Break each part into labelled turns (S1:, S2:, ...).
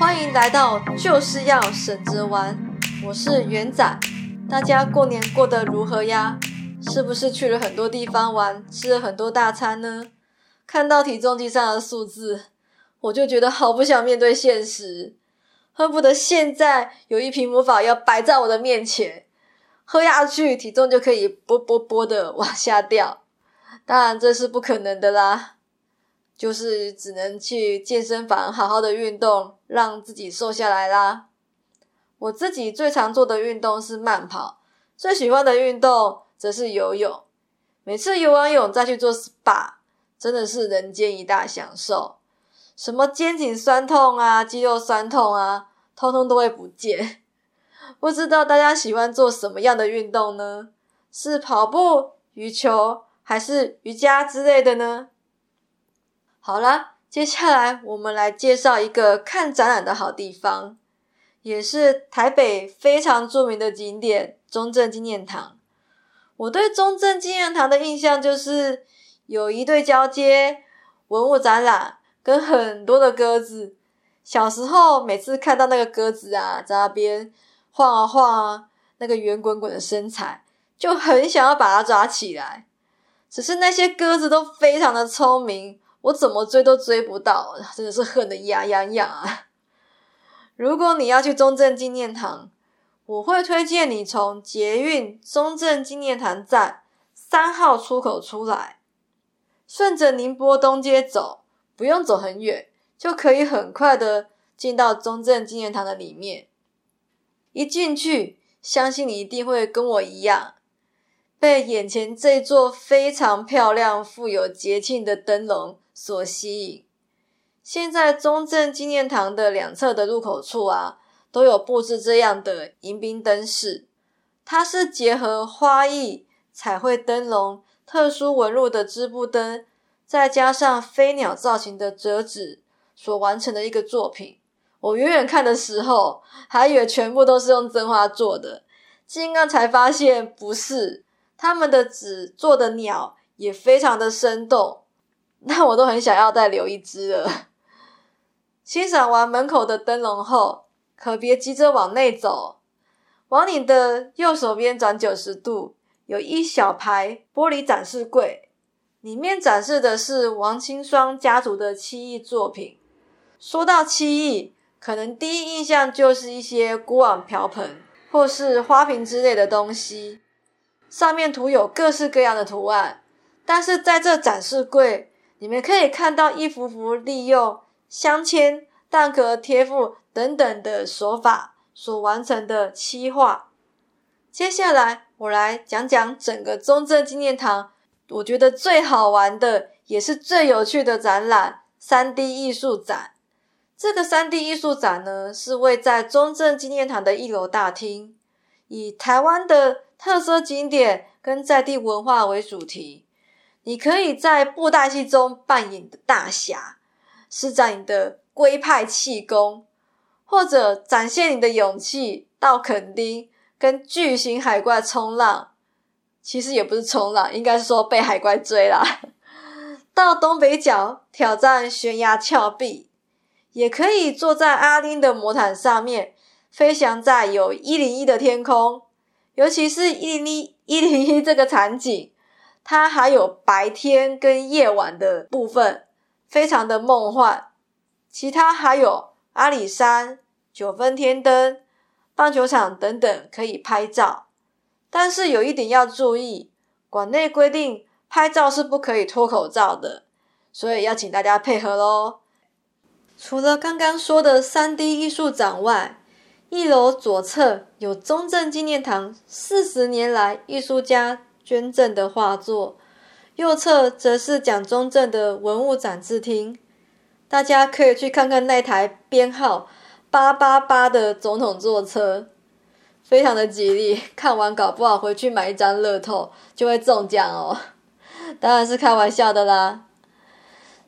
S1: 歡迎來到就是要省着玩，我是元仔。大家過年過得如何呀？是不是去了很多地方玩，吃了很多大餐呢？看到體重計上的數字，我就覺得好不想面對現實，恨不得現在有一瓶魔法藥擺在我的面前，喝下去體重就可以啵啵啵的往下掉。當然這是不可能的啦。就是只能去健身房好好的運動，讓自己瘦下來啦。我自己最常做的運動是慢跑，最喜歡的運動則是游泳。每次游完泳再去做 SPA，真的是人間一大享受。什麼肩頸痠痛啊，肌肉痠痛啊，通通都會不見。不知道大家喜歡做什麼樣的運動呢？是跑步、羽球，還是瑜伽之類的呢？好啦，接下來我們來介紹一個看展覽的好地方，也是台北非常著名的景點——中正紀念堂。我對中正紀念堂的印象就是有一對交接文物展覽，跟很多的鴿子。小時候每次看到那個鴿子啊，在那邊晃啊晃啊，那個圓滾滾的身材，就很想要把它抓起來。只是那些鴿子都非常的聰明。我怎麼追都追不到，真的是恨得牙癢癢啊！如果你要去中正紀念堂，我會推薦你從捷運中正紀念堂站三號出口出來，順着寧波東街走，不用走很遠，就可以很快的進到中正紀念堂的裡面。一進去，相信你一定會跟我一樣，被眼前這座非常漂亮、富有節慶的燈籠所吸引。現在中正紀念堂的兩側的入口處啊，都有布置這樣的迎賓燈飾。它是結合花藝、彩繪燈籠、特殊紋路的織布燈，再加上飛鳥造型的折紙所完成的一個作品。我遠遠看的時候，還以為全部都是用真花做的，剛剛才發現不是。他們的紙做的鳥也非常的生動。那我都很想要再留一隻了。欣賞完門口的燈籠後，可別急着往內走，往你的右手邊轉九十度，有一小排玻璃展示櫃，裡面展示的是王清霜家族的漆藝作品。說到漆藝，可能第一印象就是一些鍋碗瓢盆或是花瓶之類的東西，上面塗有各式各樣的圖案，但是在這展示櫃。你們可以看到一幅幅利用鑲嵌、蛋殼貼附等等的手法所完成的漆畫。接下來我來講講整個中正紀念堂，我覺得最好玩的也是最有趣的展覽 ——3D 藝術展。這個 3D 藝術展呢，是位在中正紀念堂的一樓大廳，以台灣的特色景點跟在地文化為主題。你可以在布袋戲中扮演的大俠，施展你的龜派氣功，或者展現你的勇氣到墾丁跟巨型海怪衝浪，其實也不是衝浪，應該是說被海怪追啦。到東北角挑戰懸崖峭壁，也可以坐在阿丁的魔毯上面，飛翔在有101的天空，尤其是101、101這個場景。它還有白天跟夜晚的部分，非常的夢幻。其他還有阿里山、九分天燈、棒球場等等可以拍照，但是有一點要注意，館內規定拍照是不可以脫口罩的，所以要請大家配合嘍。除了剛剛說的 3D 藝術展外，一樓左側有中正紀念堂四十年來藝術家宣政的畫作，右側則是蔣中正的文物展示廳，大家可以去看看那台編號八八八的總統座車，非常的吉利。看完搞不好回去買一張樂透就會中獎哦，當然是開玩笑的啦。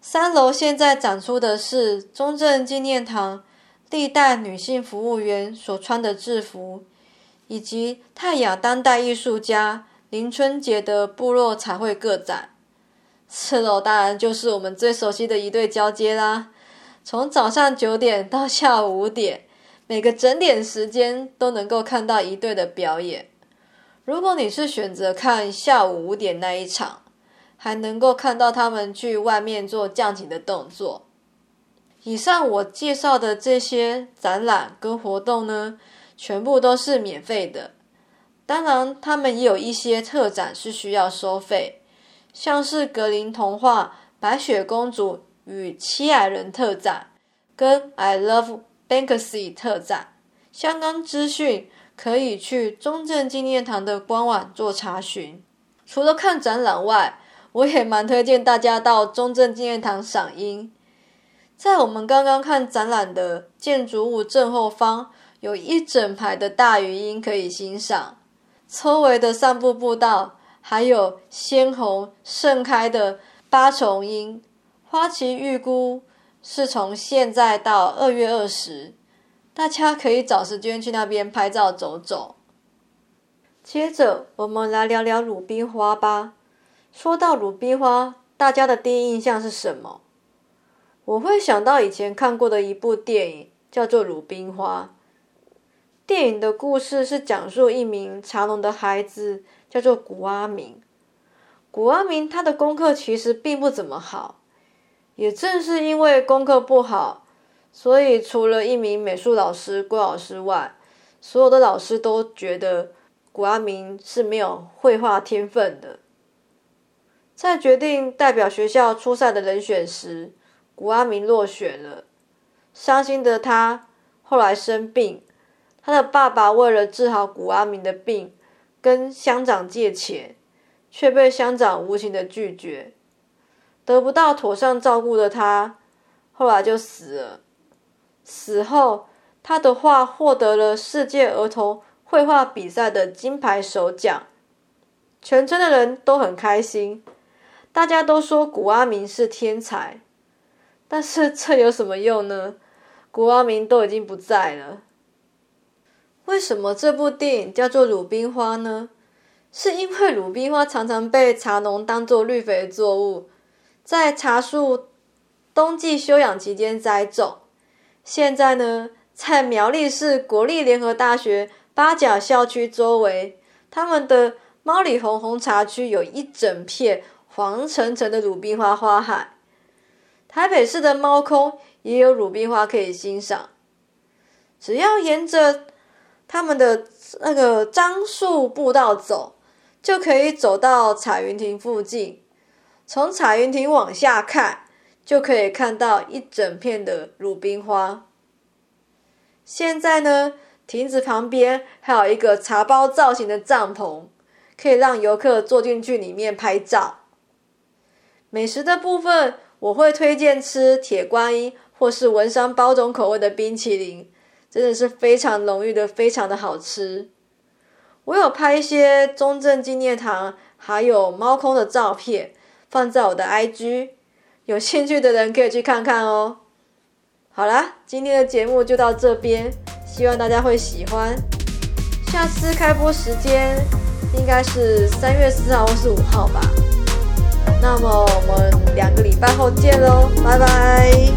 S1: 三樓現在展出的是中正紀念堂歷代女性服務員所穿的制服，以及泰雅當代藝術家林春節的部落彩繪各展。赤裸當然就是我們最熟悉的一對交接啦。從早上九點到下午五點，每個整點時間都能夠看到一隊的表演。如果你是選擇看下午五點那一場，還能夠看到他們去外面做降旗的動作。以上我介紹的這些展覽跟活動呢，全部都是免費的。當然，他們也有一些特展是需要收費，像是格林童話《白雪公主與七矮人》特展，跟《I Love Banksy》特展。相關資訊可以去中正紀念堂的官網做查詢。除了看展覽外，我也蠻推薦大家到中正紀念堂賞櫻。在我們剛剛看展覽的建築物正後方，有一整排的大漁櫻可以欣賞。周圍的散步步道，還有鮮紅盛開的八重櫻，花期預估是從現在到二月二十，大家可以找時間去那邊拍照走走。接着，我們來聊聊魯冰花吧。說到魯冰花，大家的第一印象是什麼？我會想到以前看過的一部電影，叫做《魯冰花》。電影的故事是講述一名茶農的孩子，叫做古阿明。古阿明他的功課其實並不怎麼好，也正是因為功課不好，所以除了一名美術老師郭老師外，所有的老師都覺得古阿明是沒有繪畫天分的。在決定代表學校出賽的人選時，古阿明落選了，傷心的他後來生病。他的爸爸為了治好古阿明的病，跟鄉長借錢，卻被鄉長無情的拒絕。得不到妥善照顧的他，後來就死了。死後，他的畫獲得了世界兒童繪畫比賽的金牌首獎，全村的人都很開心。大家都說古阿明是天才，但是這有什麼用呢？古阿明都已經不在了。為什麼這部電影叫做《魯冰花》呢？是因為魯冰花常常被茶農當作綠肥作物，在茶樹冬季休養期間栽種。現在呢，在苗栗市國立聯合大學八甲校區周圍，他們的貓裡紅紅茶區有一整片黃澄澄的魯冰花花海。台北市的貓空也有魯冰花可以欣賞，只要沿着他們的那個樟樹步道走，就可以走到彩雲亭附近。從彩雲亭往下看，就可以看到一整片的魯冰花。現在呢，亭子旁邊還有一個茶包造型的帳篷，可以讓遊客坐進去裡面拍照。美食的部分，我會推薦吃鐵觀音或是文山包種口味的冰淇淋。真的是非常濃郁的，非常的好吃。我有拍一些中正紀念堂還有貓空的照片，放在我的 IG，有興趣的人可以去看看哦。好啦，今天的節目就到這邊，希望大家會喜歡。下次開播時間應該是三月四號或是五號吧。那麼我們兩個禮拜後見嘍，拜拜。